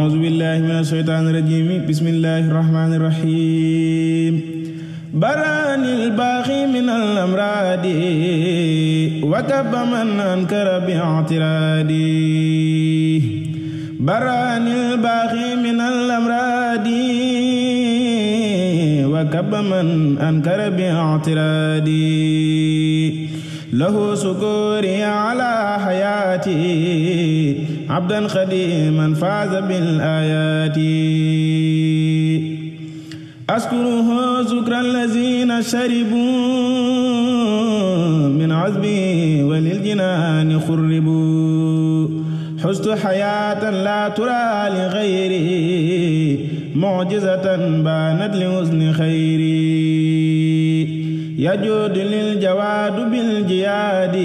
أعوذ بالله من الشيطان الرجيم بسم الله الرحمن الرحيم بران الباغي من الأمراض وكب من أنكر باعترادي بران الباغي من الأمراض وكب من أنكر باعترادي له سكوري على حياتي عبدا خديما فاز بالآيات أشكره شكر الذين شربوا من عذبه وللجنان خربوا حزت حياة لا ترى لغيري معجزة بانت لحسن خيري يجود للجواد بالجياد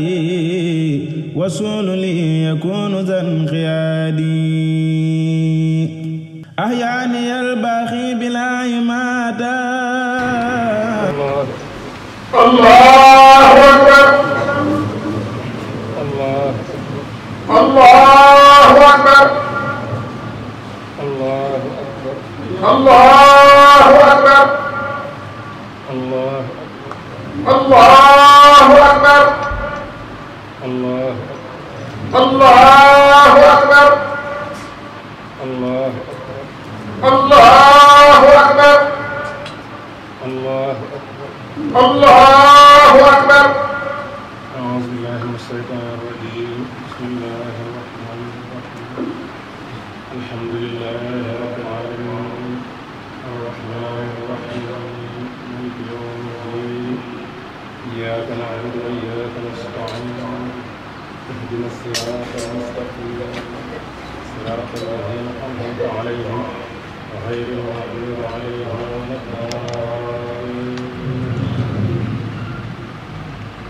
وسول لي يكون ذا انقيادي أحياني الباخي بلا يماتا الله الله صراط الذين أنعمت عليهم غير المغضوب عليهم ولا الضالين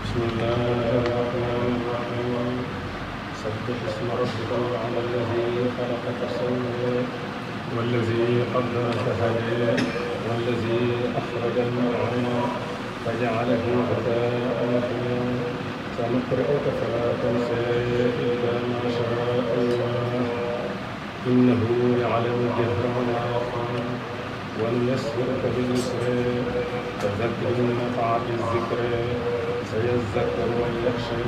بسم الله الرحمن الرحيم سبح اسم ربك الأعلى الذي خلق فسوى والذي قدر فهدى والذي أخرج المرعى فجعله غثاء نحيا سنقرئك فلا تنسى إلا ما شاء الله إنه يعلم الجهر وما يخفى ولنسلك باليسر فذكر إن نفعت الذكر سيذكر من يخشى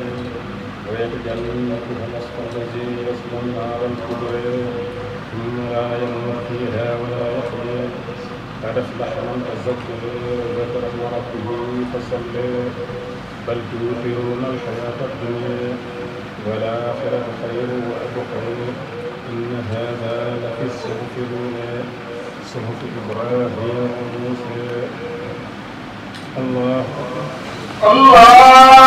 ويجعل النكر نصر الذي يصلى النار الكبرى ثم لا يموت فيها ولا يحيى قد افلح من تذكر ذكر اسم ربه فصلى بل توثرون الحياة الدنيا والآخرة خير وأبقى إن هذا لفي الصحف الأولى صحف إبراهيم وموسى الله أكبر الله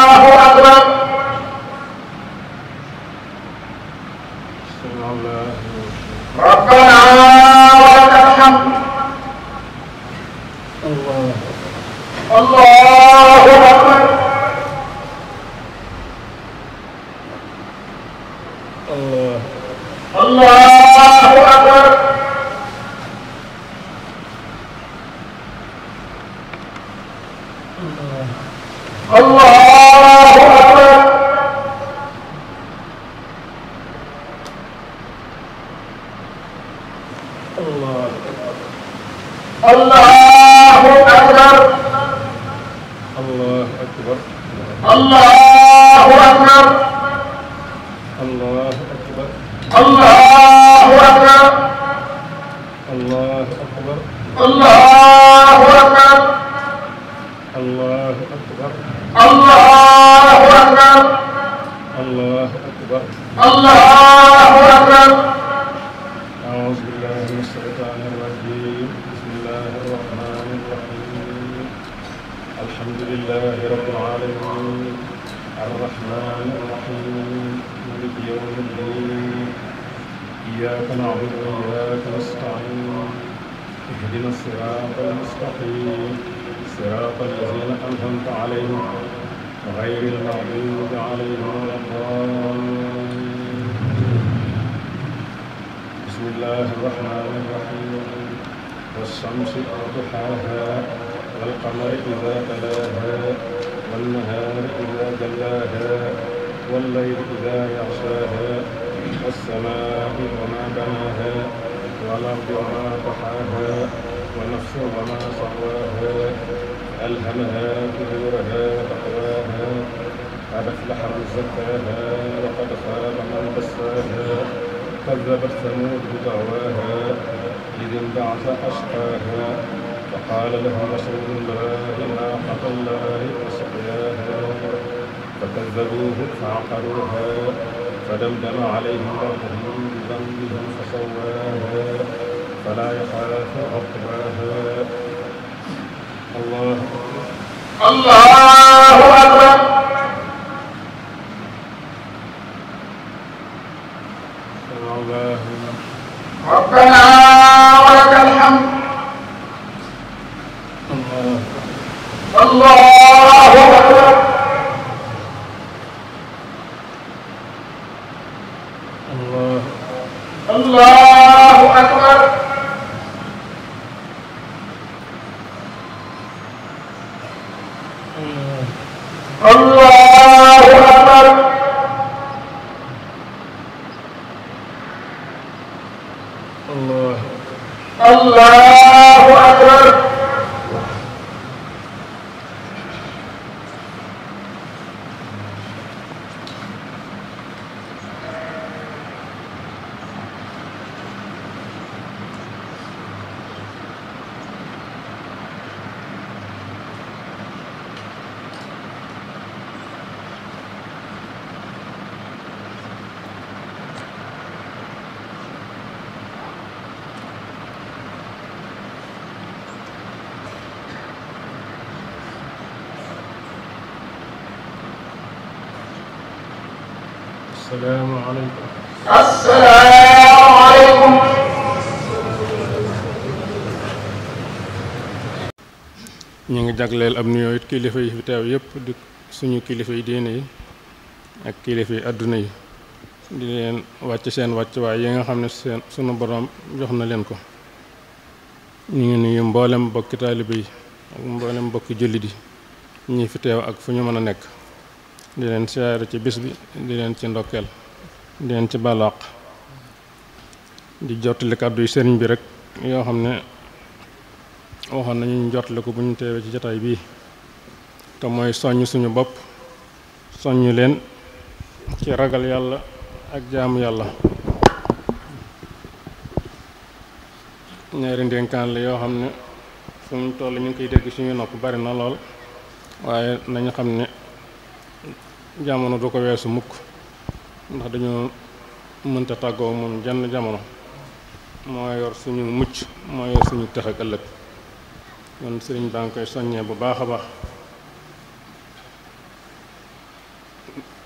الله أكبر ألهمها فجورها وتقواها قد أفلح من زكاها وقد خاب من دساها كذبت ثمود بدعواها إذ انبعث أشقاها فقال لهم رسول الله ناقة الله وسقياها فكذبوه فعقروها فدمدم عليهم ربهم بذنبهم فسواها فلا يخاف عقباها الله الله الله jagleel am nuyoo it kilifa yi fi teew yëpp di suñu kilifa yi diine yi ak kilifa yi àdduna yi di leen wàcc seen wàccuwaay yi nga xam ne seen sunu borom jox na leen ko ñu ngi nuyu mboolem bokki taalibe yi ak mboolem bokki jullit yi ñi fi teew ak fu ñu mën a nekk di leen siyaare ci bis bi di leen ci ndokkeel di leen ci balaq di jottali kàddu yi sëriñ bi rek yoo xam ne waxoon nañu ñu ko bu ñu teewee ci jataay bii te mooy soññ suñu bopp soññ leen ci ragal yàlla ak jaamu yàlla ñaari ndénkaan la yoo xam ne fu mu toll ñu ngi koy dégg suñu nopp bari na lool waaye nañu xam ne jamono du ko weesu mukk ndax dañoo mënta tàggoo moom jenn jamono moo yor suñu mucc moo yor suñu tex ak ëllëg kon sëriñ baa ngi koy soññee bu baax a baax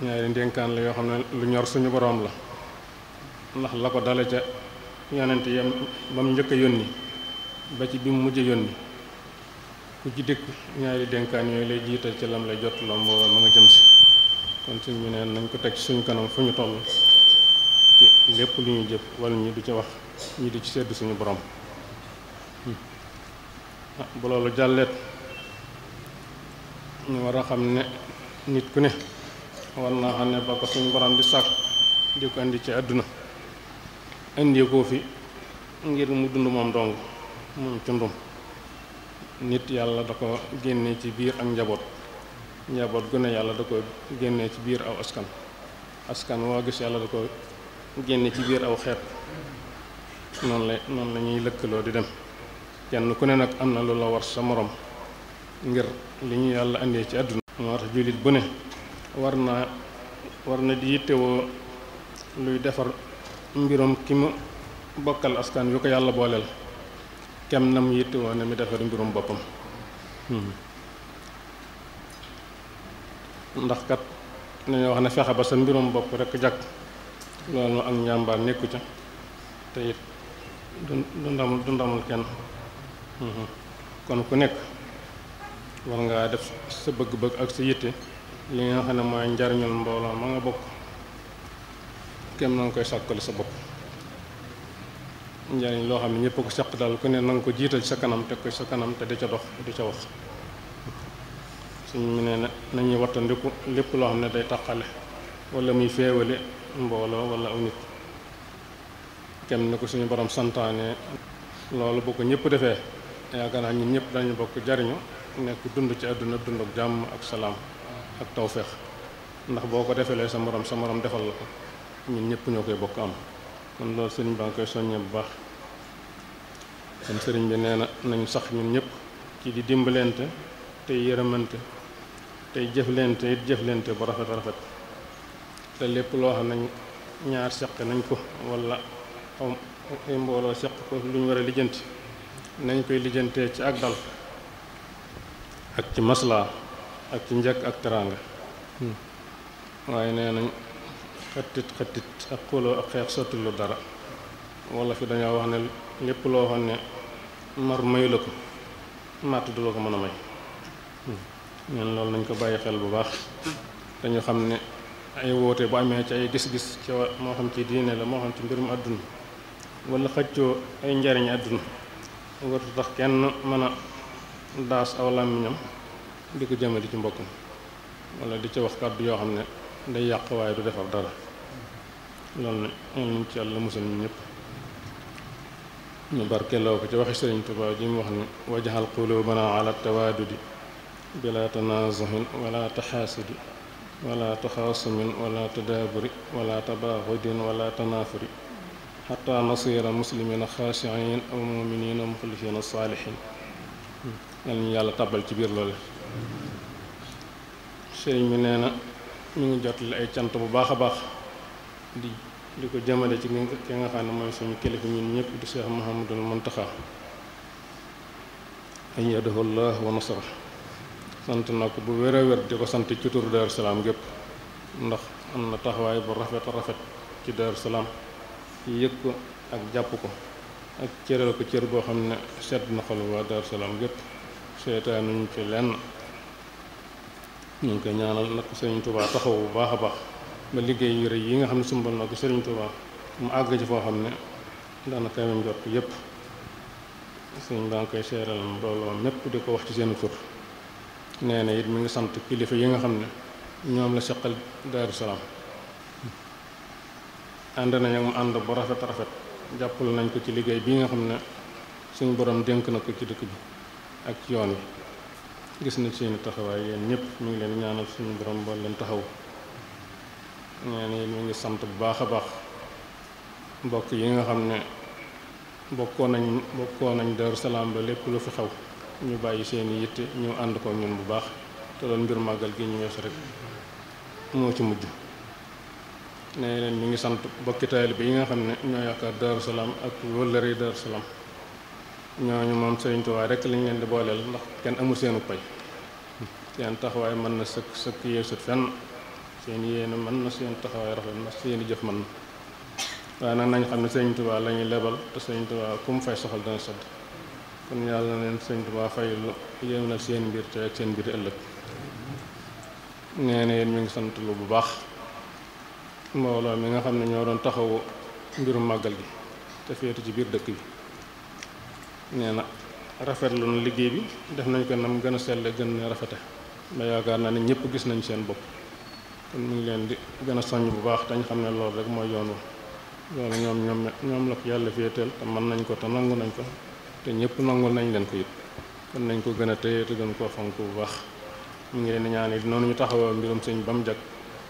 ñaari ndénkaan la yoo xam ne lu ñor suñu boroom la ndax la ko dala ca yonent yam ba mu njëkk a yónni ba ci bi mu mujj yónni ku ci dikk ñaari dénkaan yooyu lay jiital ci lam lay jot loo mbooloo ma nga jëm si kon suñ ñu neen nañ ko teg ci suñu kanam fu ñu toll lépp lu ñuy jëf wala ñu di ci wax ñu di ci seddu suñu boroom bu loolu jàlleet ñu war a xam ne nit ku ne war naa xam ne ba ko suñu borom di sàkk di ko indi ci àdduna indi ko fi ngir mu dund moom dong moom ci nit yàlla da ko génne ci biir ak njaboot njaboot gu ne yàlla da ko génne ci biir aw askan askan waa gis yàlla da ko génne ci biir aw xeet noonu la noonu la ñuy lëkkaloo di dem kenn ku ne nag am na lu la war sa morom ngir li ñu yàlla indee ci àdduna moo tax jullit bu ne war naa war na di yittewoo luy defar mbirum ki mu bokkal askan wi ko yàlla booleel kem na mu yittewoo ne mi defar mbirum boppam hmm. ndax kat nañoo wax ne fexe ba sa mbirum bopp rek jàkk loolu ak njàmbaar nekku ca te it du ndamul kenn kon ku nekk war ngaa def sa bëgg-bëgg ak sa yitte li nga xam ne mooy njariñul mbooloo ma nga bokk kenn na nga koy sàkkale sa bopp njariñ loo xam ne ñëpp ko daal ku ne na nga ko jiital sa kanam teg sa kanam te ca dox di ca wax ne nañuy wattandiku lépp loo xam ne day taqale wala muy féewale mbooloo wala aw nit kenn na ko suñu borom santaane loolu bu ko ñëpp defee yaakaar naa ñun ñëpp dañu bokk jariñu nekk dund ci àdduna dund ak jàmm ak salaam ak tawféex ndax boo ko defalee sa morom sa morom defal la ko ñun ñëpp ñoo koy bokk am kon loolu sëriñ baa ngi koy soññee bu baax kon sëriñ bi nee na nañu sax ñun ñëpp ci di dimbalente tey yërëmante tey jëflente it jëflente bu rafet rafet te lépp loo xam ñaar seq nañ ko wala xaw mbooloo seq ko lu ñu war a lijjanti nañ koy lijjantee ci ak dal ak ci maslaa ak ci njëkk ak teraanga hmm. waaye nee nañ xattit xattit ak xuloo ak xeex sotti lu dara wala fi dañoo wax ne lépp loo xam ne mar mayu ko màtt du la ko mën a may neen hmm. loolu nañ ko bàyyi xel bu baax dañu xam ne ay woote bu amee ci ay gis-gis ci moo xam ci diine la moo xam ci mbirum àdduna wala xëccoo ay njariñ àdduna wartu tax kenn mën a daas aw làmmiñam di ko jëmale ci mbokk mi wala di ca wax kàddu yoo xam ne day yàq waaye du defar dara loolu ne ñu ci yàlla musal ñu ñëpp ñu barkeloo ko ci waxi sëriñ Tuubaa ji wax ni wajaxal qulubana ala tawaadudi bila tanaasuhin wala taxaasudi wala taxaasumin wala tadaaburi wala tabaaxudin wala tanaafuri xataa nasiira muslimina xaashiin aw muminina a saalihin yal ñu yàlla tàbbal ci biir loole sëriñ bi nee na mi ngi jotali ay cant bu baax a baax di di ko jëmale ci ki nga xam ne mooy suñu kilifa ñun ñëpp di Cheikh Mouhamadul Muntaxa ayyadahu llah wa nasra sant na ko bu wér a di ko sant ci turu Daaru gépp ndax am na taxawaay bu rafet rafet ci Daaru Salaam yëg ko ak jàpp ko ak cëral ko cër boo xam ne sedd na xol waa Daaru Salaam gépp seetaan ñu ci lenn ñu ngi koy ñaanal nag Sëriñ Tuubaa taxaw bu baax a baax ba liggéey yu rëy yi nga xam ne sumbal na ko Sëriñ Tuubaa mu àgg ci foo xam ne daana kaymam jot yëpp sëriñ baa ngi koy seeral mbooloo mépp di ko wax ci seen tur nee it mi ngi sant kilifa yi nga xam ne ñoom la seqal Daaru ànd nañ ak mu ànd bu rafet rafet jàppal nañ ko ci liggéey bi nga xam ne suñu borom dénk na ko ci dëkk bi ak ci yoon wi gis na seeni taxawaay yéen ñëpp ñu ngi leen ñaanal suñu borom boo leen taxaw nee na ñu ngi sant bu baax a baax mbokk yi nga xam ne bokkoo nañ bokkoo nañ Daaru Salaam ba lépp lu fi xew ñu bàyyi seen i yitte ñu ànd koo ñoom bu baax te doon mbir màggal gi ñu weesu rek moo ci mujj nee leen ngi sant bokki taalibe yi nga xam ne ñoo yaakaar Daaru Salaam ak wëllëre Daaru Salaam ñooñu moom Sëriñ Tuubaa rekk lañ leen di booleel ndax kenn amul seenu pay seen taxawaay mën na sëkk sëkk yeesut fenn seen yéene mën na seen taxawaay rafet na seen i jëf mën na waaye nag nañ xam ne Sëriñ Tuubaa la lebal te Sëriñ Tuubaa ku fay soxal dana sëdd kon yàlla na leen Sëriñ Tuubaa fayul yéemal seen mbir te ak seen mbir ëllëg nee na yéen mi ngi sant bu baax mbooloo mi nga xam ne ñoo doon taxawu mbirum màggal bi te féetu ci biir dëkk bi nee na rafetlu na liggéey bi def nañ ko nam gën a sell gën rafete ba yaakaar naa ne ñëpp gis nañ seen bopp kon mu leen di gën a soññ bu baax dañ xam ne lool rek mooy yoon loolu ñoom ñoom ñoom la ko yàlla féeteel te mën nañ ko te nangu nañ ko te ñëpp nangul nañ leen ko it kon nañ ko gën a téye te gën koo fonk bu baax mu ngi leen di ñaan it noonu ñu taxawoo mbirum sëñ ba mu jag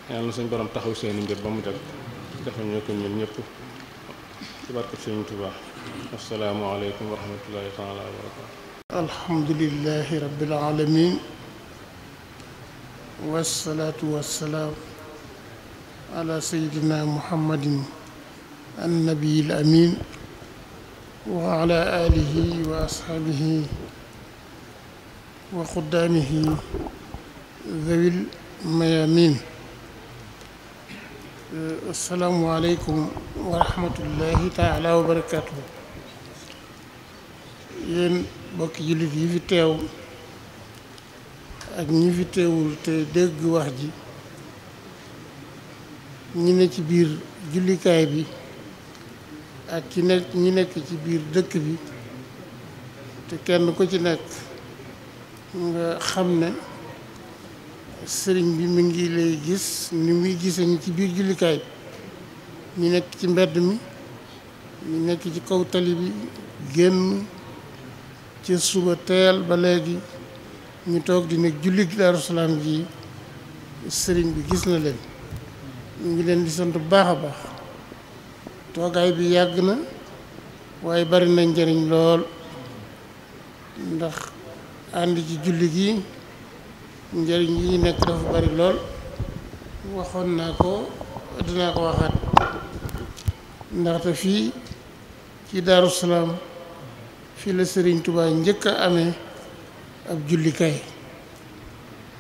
yàlla suñ borom taxaw seeni mbir ba mu jag defal ñu ñun ñëpp ci barkeb Sëriñ Tuubaa asalaamualeykum wa rahmatullahi taala wa barakatu alhamdulilahi alamin wasalaatu wasalaam ala sayidina muhammadin annabiyil amin wa ala alihi wa ashaabihi mayamin Euh, asalaamualeykum wa rahmatullahi taala wa barakaatu yéen bokki jullit yi fi teew ak ñi fi teewul te dégg wax ji ñi ne ci biir jullikaay bi ak ci nekk ñi nekk ci biir dëkk bi te kenn ku ci nekk nga xam ne sëriñ bi mu ngi lay gis ni muy gisee ni ci biir jullikaay ñu nekk ci mbedd mi ñu nekk ci kaw tali bi génn ci suba teel ba léegi ñu toog di nekk julli Daaru gi sëriñ bi gis na leen ñu ngi leen di sant bu baax a baax toogaay bi yàgg na waaye bari na njariñ lool ndax ànd ci julli gi njëriñ yi nekk dafa bari lool waxoon naa ko dinaa ko waxaat ndaxte fii ci Daaru Salaam fii la Sëriñ Tubaa njëkk a amee ab jullikaay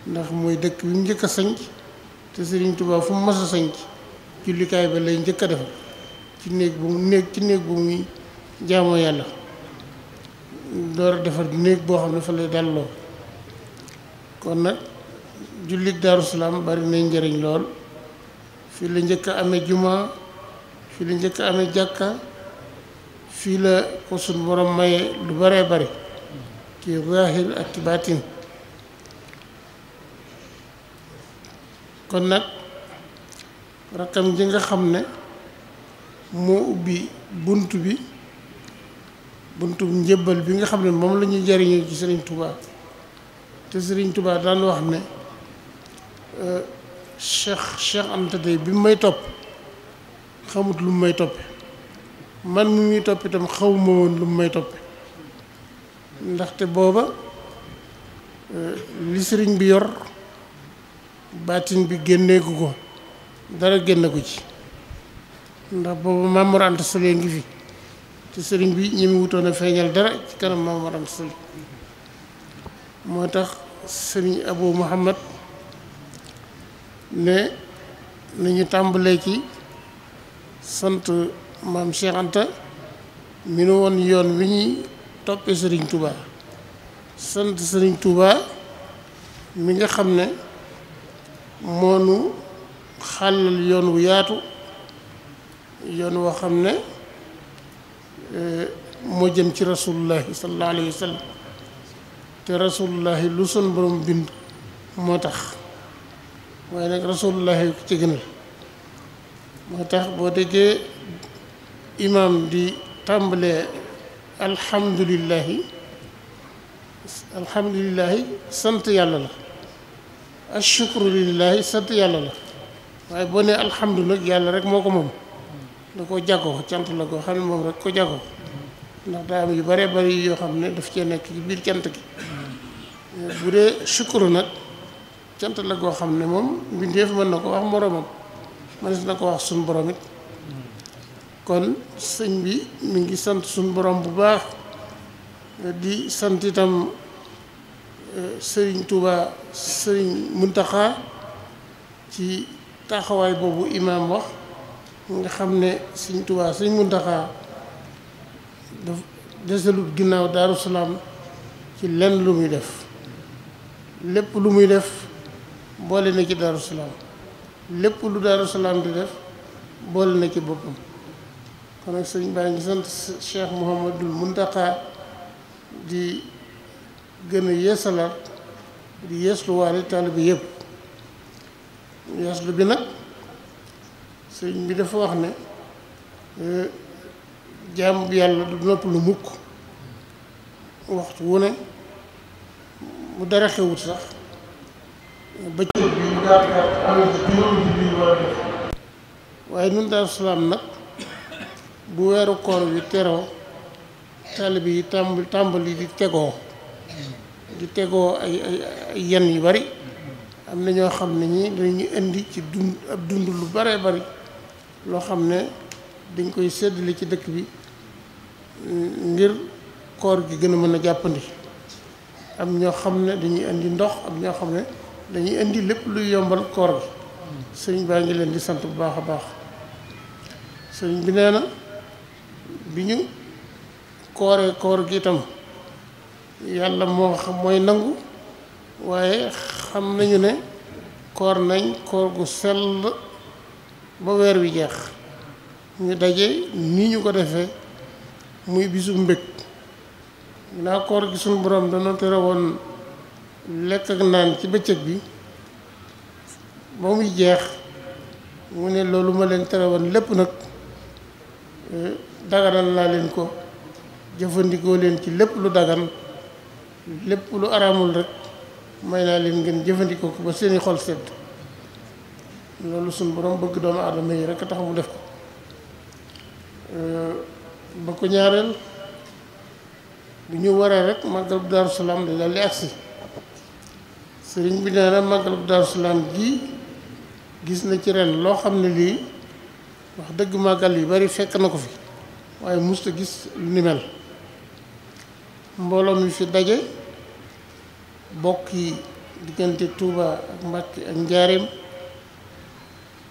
ndax mooy dëkk bi njëkk a sanc te Sëriñ Tubaa fu mu mës sanc jullikaay ba lay njëkk a defar ci néeg bu mu néeg ci néeg bu muy jaamoo yàlla door a defar néeg boo xam ne fa lay dalloo kon nag jullit Daaru Salaam bari nañ njëriñ lool fii la njëkk a amee jumaa fii la njëkk a amee jàkka fii la ko suñ borom maye lu baree bari ci zaahir ak ci baatin kon nag rakkam ji nga xam ne moo ubbi bunt bi buntu njëbbal bi nga xam ne moom la ñuy jariñoo ci Sëriñ Tuubaa te Serigne Touba daan wax ne euh, Cheikh Cheikh Anta Diop bi mu may topp xamut lu mu may toppe man mi muy topp itam xawma woon lu mu may toppe ndaxte booba euh, li sëriñ bi yor baatin bi génneeku ko dara génne ko ci ndax booba Maam Mor Anta Sali ngi fi te sëriñ bi ñi mu wutoon a feeñal dara ci kanam Maam Mor moo tax sëriñ Abu Muhammad ne nañu tàmbalee ci sant maam Cheikh mu ne woon yoon wi ñuy toppee sëriñ Touba sant sëriñ Touba mi nga xam ne moonu xàllal yoon wu yaatu yoon woo xam ne eh, moo jëm ci rasulullahi sallallahu alayhi wa sallam te rasulullahi lu sun borom bind moo tax waaye nag rasulullahi ku ci gënal moo tax boo déggee imaam di tàmbalee alhamdulillahi alhamdulillahi sant yàlla la ashukru lillahi sant yàlla la waaye boo nee alhamdu nag yàlla rek moo ko moom da koo jàggoo cant la koo xam ne moom rek ko jàggoo ndax daa am yu bare bari yoo xam ne daf cee nekk ci biir cant gi bu dee sukuru nag cant la goo xam ne moom mbindeef mën na ko wax moroomam mënees na ko suñ borom kon sëñ bi mi ngi sant suñ borom bu baax di sant itam e, sëriñ Touba sëriñ Muntaxa ci taxawaay boobu imaam wax nga xam ne sëñ Touba sëriñ Muntaxa daf desalut ginnaaw daaru salaam ci lenn lu muy def lépp lu muy def boole na ci daaru lépp lu daaru salaam di def boole na ci boppam kon nag sëñ baa ngi sant Cheikh Mouhamadul Muntaqa di gën a yeesalaat di yeeslu waale taalibe yëpp yeeslu bi nag sëñ bi dafa wax ne jaam bi yàlla du nopp lu mukk waxtu wu ne mu dara xewut sax bëccëg bi gaat gaat am waaye nun Daaru Salaam nag bu weeru koor bi teroo taalibe yi tàmbali di tegoo di tegoo ay yenn yu bari am na ñoo xam ne ñi dañuy indi ci dund ab lu bare bari loo xam ne dañ koy seddale ci dëkk bi ngir koor gi gën a mën a jàppandi am ñoo xam ne dañuy indi ndox am ñoo xam ne dañuy indi lépp luy yombal koor gi sëriñ baa ngi leen di sant bu baax a baax sëriñ bi nee na bi ñu kooree koor gi itam yàlla moo xam mooy nangu waaye xam nañu ne koor nañ koor gu sell ba weer wi jeex ñu daje ni ñu ko defee muy bisu mbég naa koor gi suñu borom dana tere woon lekk ak naan ci bëccëg bi ba muy jeex mu ne loolu ma leen tere woon lépp nag e, daganal naa leen ko jëfandikoo leen ci lépp lu dagan lépp lu araamul rek may naa leen ngeen jëfandikoo ko ba seeni xol sedd loolu suñu borom bëgg doomu aadama yi rek a tax mu def ko e, ba ko ñaareel bu ñu waree rek màggal bu daaru salaam di dal agsi sëriñ bi nee na màggal bu daaru salaam gii gis na ci ren loo xam ne lii wax dëgg màggal yu bari fekk na ko fi waaye musta gis lu ni mel mbooloo mi fi daje bokk yi diggante Touba ak Mbàkke ak Njaareem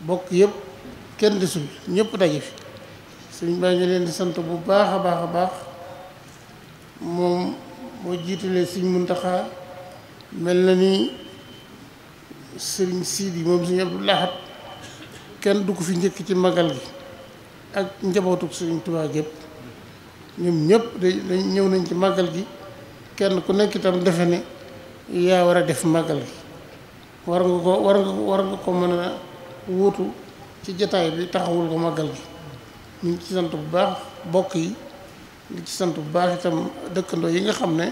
bokk yëpp kenn desul ñëpp daje fi sëñ baa ngi leen di sant bu baax a baax a baax moom boo jiitalee sëñ Muntaxa mel na ni siit yi moom sëñ Abdul Ahad kenn dugg ko fi njëkk ci magal gi ak njabootuk sëriñ Tuubaa gépp ñoom ñëpp dañ ñëw nañ ci magal gi kenn ku nekk itam defe ne yaa war a def magal gi war nga ko war nga ko mën a wuutu ci jataay bi taxawul ko magal gi ñu ngi ci sant bu baax bokk yi ngi ci sant bu baax itam dëkkandoo yi nga xam ne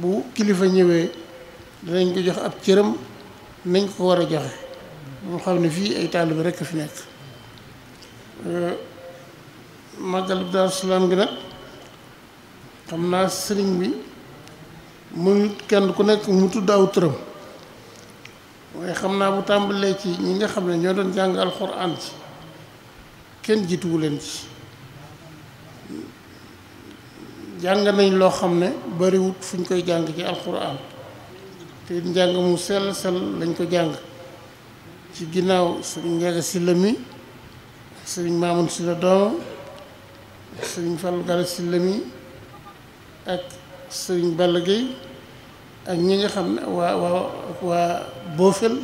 bu kilifa ñëwee danañ ko jox ab cëram nañ ko war a joxe mu xam ne fii ay taalibe rekk fi nekk euh, màggal bu Daaru Salaam gi nag xam naa sëriñ bi mënut kenn ku nekk mu tudd aw turam waaye xam naa bu tàmbalee ci ñi nga xam ne ñoo doon jàng alxuraan ci kenn jiituwu leen ci jàng nañ loo xam ne bariwut fuñ koy jàng ci alquran te njàng mu sell sell lañ ko jàng ci ginnaaw sëriñ Njaga Silla mi sëriñ Maamun Silla doomam ak sëriñ Fallu Gala ak sëriñ Balla Gueye ak ñi nga xam ne waa waa waa Boofel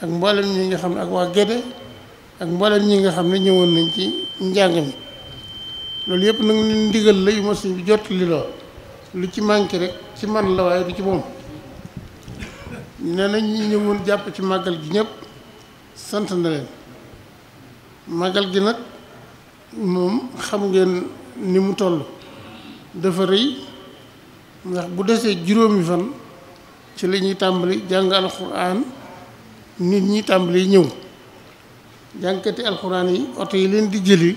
ak mboolem ñi nga xam ne ak waa Gédé ak mboolem ñi nga xam ne ñëwoon nañ ci njàng mi loolu yëpp nag ndigal lay yu ma suñ bi jot li loo lu ci manqué rek ci man la waaye du ci moom nee na ñi ñëwoon jàpp ci màggal gi ñëpp sant na leen màggal gi nag moom xam ngeen ni mu toll dafa rëy ndax bu desee juróomi fan ci la ñuy tàmbali jàng alxuraan nit ñi tàmbali ñëw jànkati alxuraan yi oto yi leen di jëli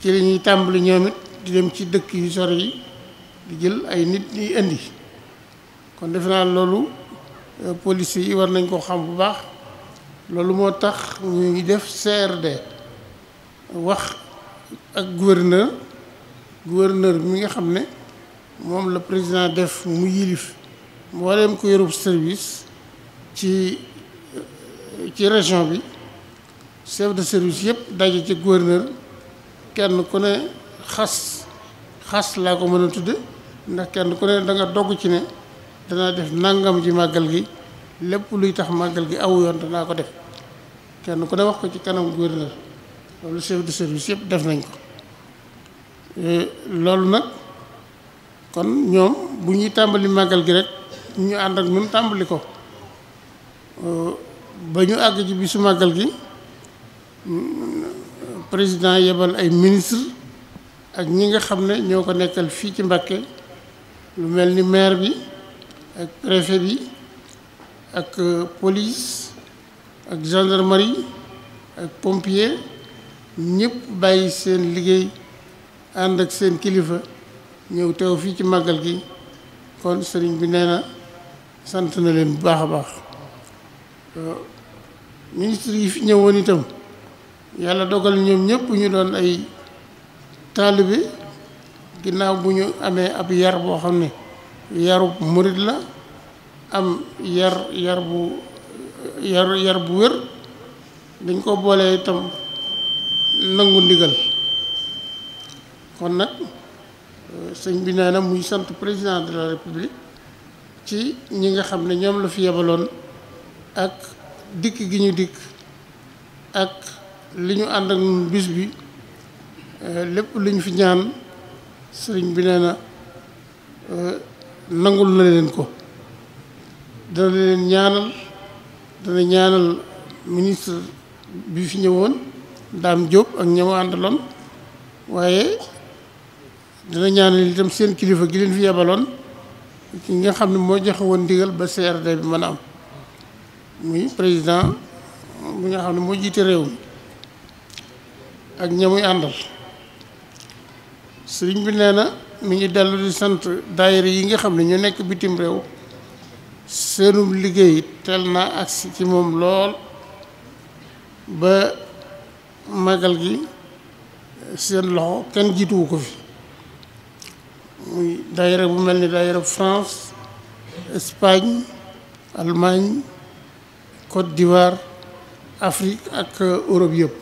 ci lañuy ñuy tàmbali ñoom di dem ci dëkk yu sore yi di jël ay nit ñuy indi kon defe naa loolu euh, police yi war nañ koo xam bu baax loolu moo tax ñu ngi def CRD wax ak gouverneur gouverneur mi nga xam ne moom la président def mu yilif mbooleem ko yorub service ci euh, ci région bi chef de service yëpp daje ci gouverneur kenn ku ne xas xas laa ko mën a tudd ndax kenn ku ne danga dogg ci ne danaa def nangam ji màggal gi lépp luy tax màggal gi aw yoon danaa ko def kenn ku ne wax ko ci kanam gouverneur loolu chef de service yëpp def nañ ko e, loolu nag kon ñoom bu ñuy tàmbali màggal gi rek ñu ànd ak ñun tàmbali ko e, ba ñu àgg ci bisu màggal gi président yebal ay ministre ak ñi nga xam ne ñoo ko nekkal fii ci Mbacké lu mel ni maire bi ak préfet bi ak euh, police ak gendarmerie ak pompier ñëpp bàyyi seen liggéey ànd ak seen kilifa ñëw teew fii ci màggal gi kon sëriñ bi nee na sant na leen bu baax a baax euh, ministre yi fi ñëwoon itam yàlla dogal ñoom ñëpp ñu doon ay taalibe ginnaaw bu ñu amee ab yar boo xam ne yaru murit la am yar yar bu yar bu wér dañ ko boolee itam nangu ndigal kon nag euh, sëñ bi nee na muy sant président de la république ci ñi nga xam ne ñoom la fi yebaloon ak dikk gi ñu dikk ak li ñu ànd ak ñun bis bi euh, lépp li ñu fi ñaan sëriñ bi nee na euh, nangul na leen ko dana leen ñaanal dana ñaanal ministre bi fi ñëwoon Dame Diop ak ñamu àndaloon waaye dana ñaanal itam seen kilifa gi leen fi yebaloon ki nga xam ne moo joxe woon ndigal ba CRD bi mën a am muy président bi nga xam ne moo jiite réew mi ak ñamuy àndal sëriñ bi nee na mi ngi dellu di sant daayira yi nga xam ne ñu nekk bitim réew seenum liggéey teel naa agsi ci moom lool ba magal gi seen loxo kenn jiituwu ko fi muy daayira bu mel ni daayira France Espagne Allemagne Côte d'Ivoire Afrique ak Europe yëpp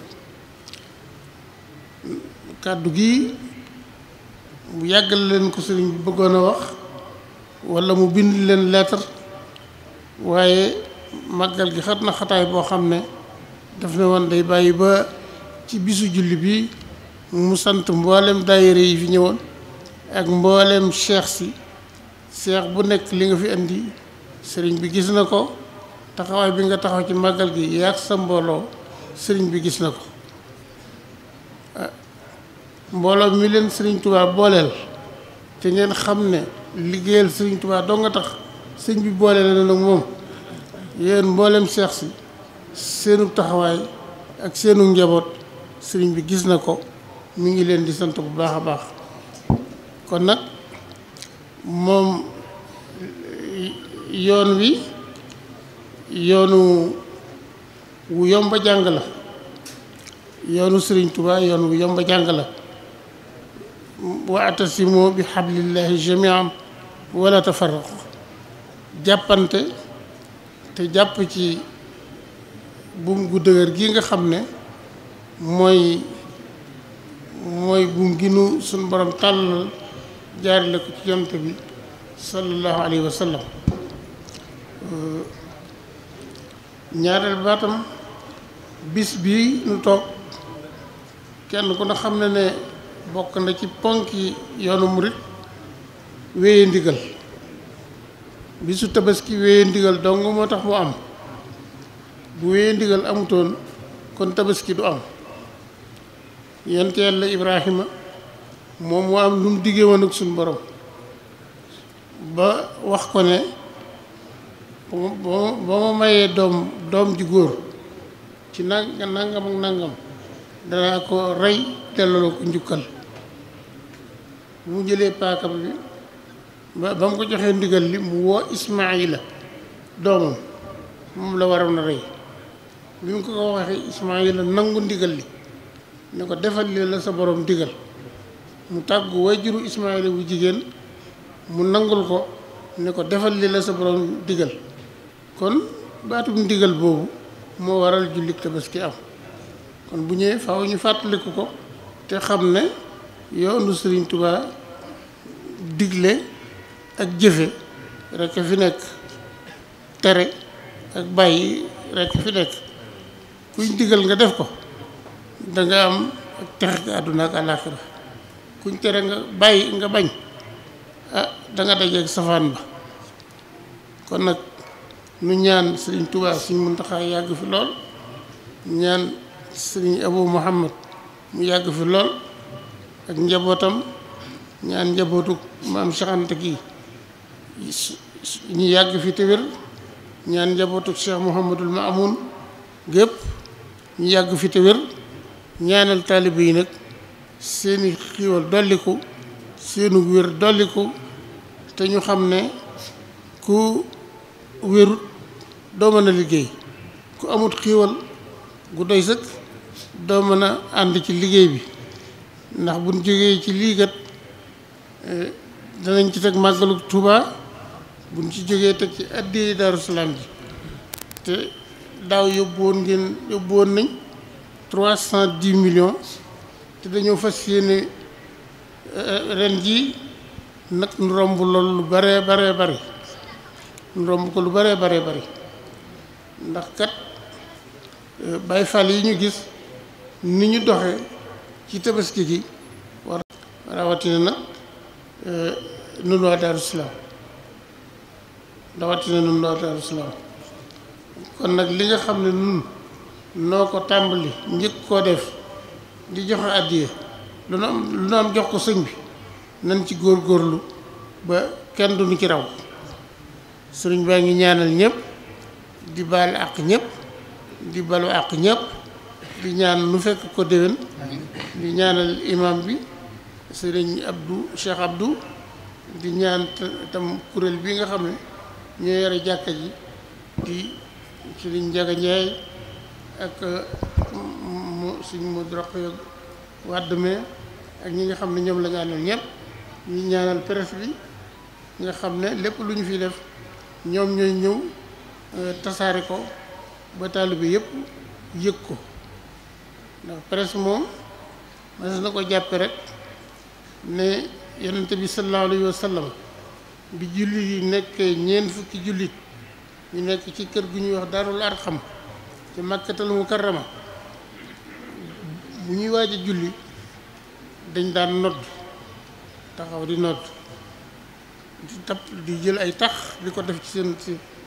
kàddu gi mu yàggal leen ko sëriñ bi bëggoon a wax walla mu bind leen lettre waaye màggal gi xat na xataay boo xam ne daf ne woon day bàyyi ba ci bisu julli bi mu sant mboolem daayira yi fi ñëwoon ak mboolem cheikh si cheikh bu nekk li nga fi indi sëriñ bi gis na ko taxawaay bi nga taxaw ci màggal gi yaag sa mbooloo sëriñ bi gis na ko mbooloo mi leen sëriñ tubaa booleel te ngeen xam ne liggéeyal sëriñ Touba doo nga tax sëñ bi boole la nag moom yéen mboolem seex si seenu taxawaay ak seenu njaboot sëriñ bi gis na ko mi ngi leen di sant bu baax a baax kon nag moom yoon wi yoonu wu yomba jàng la yoonu sëriñ Touba yoon wu yomba jàng la waatasimoo bi xablillahi jamian wala tafarraqu jàppante te jàpp ci buum gu dëgër gi nga xam ne mooy mooy buum gi nu suñ borom tàllal jaarale ko ci yonent bi sallallahu alayhi wa sallam ñaareel baatam bis bii nu toog kenn ku ne xam ne ne bokk na ci ponk yi yoonu murit wéye ndigal su tabaski wéye ndigal dong moo tax mu am bu wéye ndigal amutoon kon tabaski du am yonent yàlla Ibrahima moom moo am lu mu diggee woon ak suñu borom ba wax ko ne ba ma mayee doom doom ji góor ci nang nangam ak nangam danaa ko rey delloo ko njukkal mu jëlee paaka bi ba ba mu ko joxee ndigal li mu woo Ismaayila doomam moom la waroon a rey bi mu ko ko waxee Ismaayila nangu ndigal li ne ko defal li la sa boroom digal mu tàgg tàggu wajuru Ismaayila bu jigéen mu nangul ko ne ko defal li la sa borom ndigal kon baatub digal boobu moo waral jullit tabaski am kon bu ñëwee faw ñu fàttaliku ko te xam ne yoonu Serigne Touba digle ak jëfe rek fi nekk tere ak bàyyi rek fi nekk kuy digal nga def ko danga am ak texe ga àdduna ak àllaaxira kuñ tere nga bàyyi nga bañ ah da nga dajeeg safaan ba kon nag nu ñaan Serigne Touba Serigne Mountakha yàgg fi lool ñaan. sëriñ Abu Muhammad mu yàgg fi lool ak njabootam ñaan njabootu maam Cheikh Anta ñu yàgg fi te ñaan njabootu Cheikh Mouhamadul Maamoun gépp ñu yàgg fi te wér ñaanal yi nag seeni xiiwal dolliku seenu wér dolliku te ñu xam ne ku wérut doo mën a liggéey ku amut xiiwal gu doy sëkk doo mën a ànd ci liggéey bi ndax buñ jógee ci lii kat eh, danañ ci teg màggalu Touba buñ ci jógee teg ci addiya Daaru Salaam ji te daaw yóbbu ngeen yóbbu nañ trois cent dix millions te dañoo fas yéene eh, ren jii nag nu romb loolu lu baree baree bare nu romb ko lu baree baree bare ndax kat eh, Baay Faal yi ñu gis ni ñu doxe ci tabaski gi war rawatina nag eh, nun waa Daaru Salaam rawatina nun waa Daaru kon nag li nga xam ne nun noo ko tàmbali njëkk koo def di joxe àddiya lu nu am lu nu am jox ko sëñ bi nañ ci góor góorlu ba kenn duñu ci raw sëriñ baa ngi ñaanal ñëpp di baal àq ñépp di balu àq ñëpp di ñaan nu fekk ko déwén di ñaanal imam bi sëriñ Abdou Cheikh Abdou di ñaan tam kuréel bi nga xam ne ñoo yore jàkka ji di sëriñ Njaga Njaay ak mu suñ mu droq yo wàdd ak ñi nga xam ne ñoom la ñaanal ñëpp ñi ñaanal presse bi nga xam ne lépp lu ñu fi def ñoom ñooy ñëw tasaare ko ba bi yëpp yëg ko ndax presse moom mënees na ko jàppe rek ne yonent bi sallallahu alayhi wa sallam bi jullit yi nekkee ñeent fukki jullit ñu nekk ci kër gi ñuy wax daarul xam ci màkkatal mukarrama bu ñuy waaj a julli dañ daan nodd taxaw di nodd di tapp di jël ay tax di ko def ci seen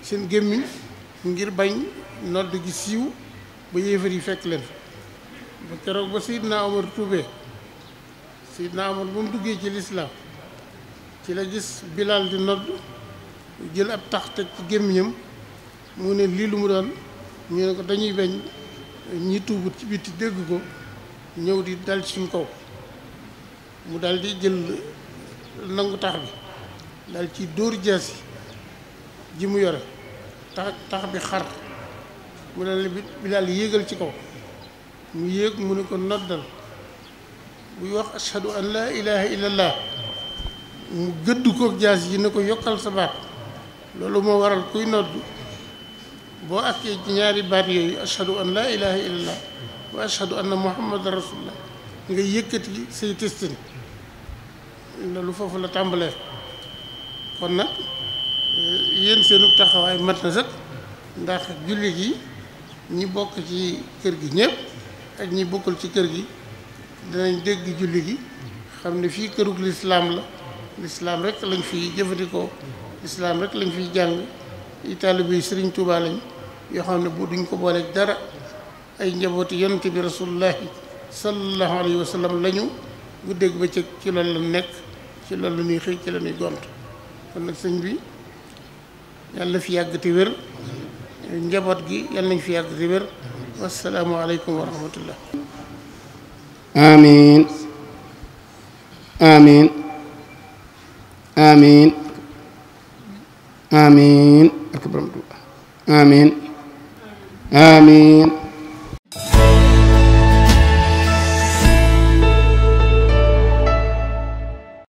seen gémmiñ ngir bañ nodd gi siiw ba yéefar yi fekk leen ba keroog ba Seydina Omar tuubee Seydina Omar ba mu duggee ci lislaam ci la gis Bilal di nodd jël ab tax teg ci gémmiñam mu ne lii lu mu doon ñu ko dañuy bañ ñi tuubut ci biti dégg ko ñëw di dal ci suñ kaw mu daldi di jël nangu tax bi dal ci dóor jaasi ji mu yore tax tax bi xar mu dal bi yéegal ci kaw mu yéeg mu ne ko noddal buy wax ashhadu an laa ilaha illallah mu gëdd kook jaas yi ne ko yokkal sa baat loolu moo waral kuy nodd boo akkee ci ñaari baat yooyu ashhadu an laa ilaha illallah wa ashhadu anna muhammadan rasulullah nga yëkkati say testin loolu foofu la tàmbalee kon nag eh, yéen seenu taxawaay mat na sax ndax julli gi ñi bokk ci kër gi ñépp ak ñi bokkul ci kër gi dinañ dégg julli gi xam ne fii kërug lislaam la lislaam rek lañ fiy jëfandikoo lislaam rek lañ fiy jàng i taalibe yi sëriñ Tuubaa lañ yoo xam ne bu duñ ko booleeg dara ay njabooti yonent bi rasulullahi sallallahu alayhi wa sallam lañu guddeeg bëccëg ci loolu la nekk ci loolu la ñuy xëy ci la ñuy gont kon nag sëñ bi yàlla na fi yàgg te wér njaboot gi yàlla nañ fi yàgg te wassalaamu aleykum wa rahmatullah amiin amiin amiin amiin amiin amiin